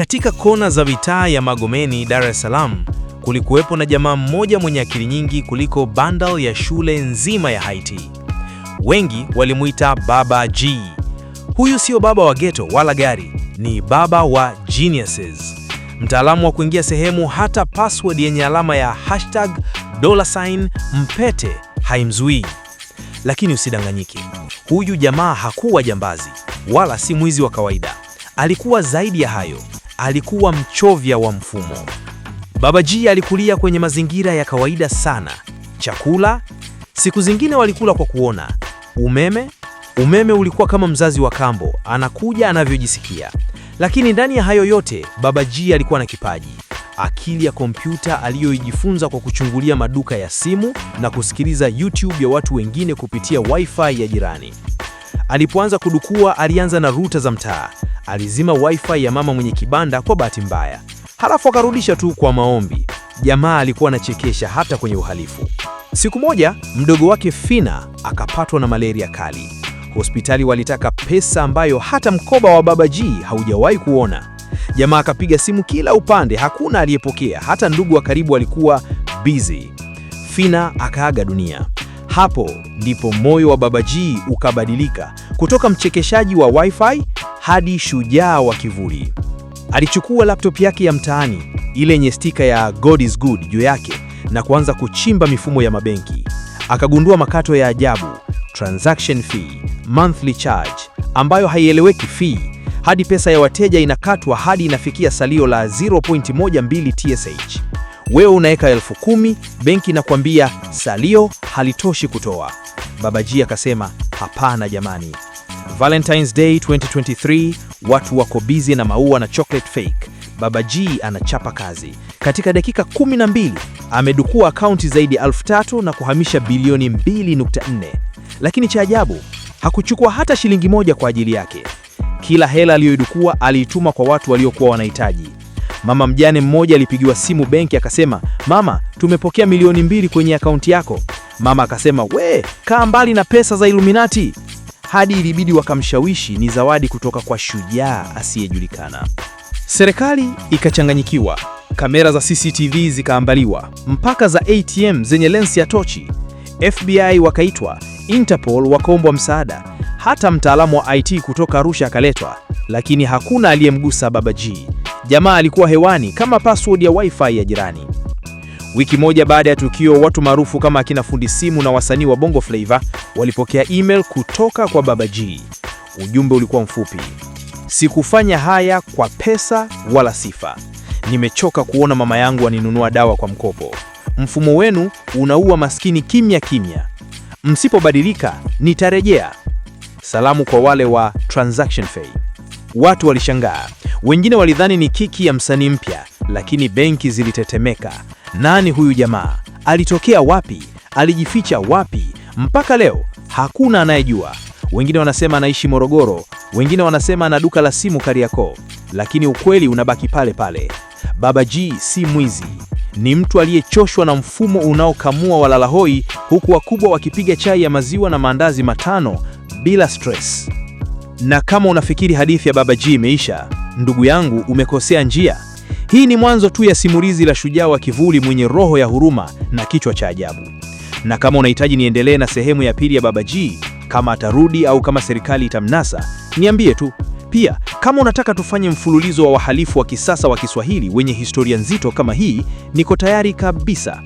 Katika kona za mitaa ya Magomeni, Dar es Salaam, kulikuwepo na jamaa mmoja mwenye akili nyingi kuliko bandal ya shule nzima ya Haiti. Wengi walimuita Baba G. Huyu sio baba wa ghetto wala gari, ni baba wa geniuses, mtaalamu wa kuingia sehemu hata password yenye alama ya hashtag dollar sign mpete haimzuii. Lakini usidanganyike, huyu jamaa hakuwa jambazi wala si mwizi wa kawaida. Alikuwa zaidi ya hayo alikuwa mchovya wa mfumo. Baba G alikulia kwenye mazingira ya kawaida sana: chakula, siku zingine walikula kwa kuona, umeme. Umeme ulikuwa kama mzazi wa kambo, anakuja anavyojisikia. Lakini ndani ya hayo yote, Baba G alikuwa na kipaji, akili ya kompyuta aliyoijifunza kwa kuchungulia maduka ya simu na kusikiliza YouTube ya watu wengine kupitia wifi ya jirani. Alipoanza kudukua, alianza na ruta za mtaa Alizima wifi ya mama mwenye kibanda kwa bahati mbaya, halafu akarudisha tu kwa maombi. Jamaa alikuwa anachekesha hata kwenye uhalifu. Siku moja mdogo wake Fina akapatwa na malaria kali. Hospitali walitaka pesa ambayo hata mkoba wa Baba G haujawahi kuona. Jamaa akapiga simu kila upande, hakuna aliyepokea, hata ndugu wa karibu alikuwa busy. Fina akaaga dunia. Hapo ndipo moyo wa Baba G ukabadilika kutoka mchekeshaji wa wifi hadi shujaa wa kivuli. Alichukua laptop yake ya mtaani, ile yenye stika ya God is good juu yake, na kuanza kuchimba mifumo ya mabenki. Akagundua makato ya ajabu, transaction fee, monthly charge, ambayo haieleweki fee, hadi pesa ya wateja inakatwa hadi inafikia salio la 0.12 TSH. Wewe unaweka elfu kumi, benki inakwambia salio halitoshi kutoa. Babaji akasema hapana jamani, Valentine's Day 2023 watu wako busy na maua na chocolate fake. Baba G anachapa kazi. Katika dakika 12 amedukua akaunti zaidi ya elfu tatu na kuhamisha bilioni 2.4. Lakini cha ajabu, hakuchukua hata shilingi moja kwa ajili yake. Kila hela aliyoidukua aliituma kwa watu waliokuwa wanahitaji. Mama mjane mmoja alipigiwa simu benki akasema, mama, tumepokea milioni mbili kwenye akaunti yako. Mama akasema, we kaa mbali na pesa za Illuminati hadi ilibidi wakamshawishi ni zawadi kutoka kwa shujaa asiyejulikana. Serikali ikachanganyikiwa, kamera za CCTV zikaambaliwa, mpaka za ATM zenye lensi ya tochi. FBI wakaitwa, Interpol wakaombwa msaada, hata mtaalamu wa IT kutoka Arusha akaletwa, lakini hakuna aliyemgusa Baba G. Jamaa alikuwa hewani kama password ya wifi ya jirani. Wiki moja baada ya tukio, watu maarufu kama akina Fundi Simu na wasanii wa Bongo Flava walipokea email kutoka kwa Baba G. Ujumbe ulikuwa mfupi: sikufanya haya kwa pesa wala sifa, nimechoka kuona mama yangu aninunua dawa kwa mkopo. Mfumo wenu unaua maskini kimya kimya, msipobadilika nitarejea. Salamu kwa wale wa transaction fee. Watu walishangaa, wengine walidhani ni kiki ya msanii mpya, lakini benki zilitetemeka. Nani huyu jamaa? Alitokea wapi? Alijificha wapi? Mpaka leo hakuna anayejua. Wengine wanasema anaishi Morogoro, wengine wanasema ana duka la simu Kariakoo, lakini ukweli unabaki pale pale. Baba G si mwizi, ni mtu aliyechoshwa na mfumo unaokamua walala hoi, huku wakubwa wakipiga chai ya maziwa na maandazi matano bila stress. Na kama unafikiri hadithi ya Baba G imeisha, ndugu yangu, umekosea njia. Hii ni mwanzo tu ya simulizi la shujaa wa kivuli mwenye roho ya huruma na kichwa cha ajabu. Na kama unahitaji niendelee na sehemu ya pili ya Baba G, kama atarudi au kama serikali itamnasa, niambie tu. Pia kama unataka tufanye mfululizo wa wahalifu wa kisasa wa Kiswahili wenye historia nzito kama hii, niko tayari kabisa.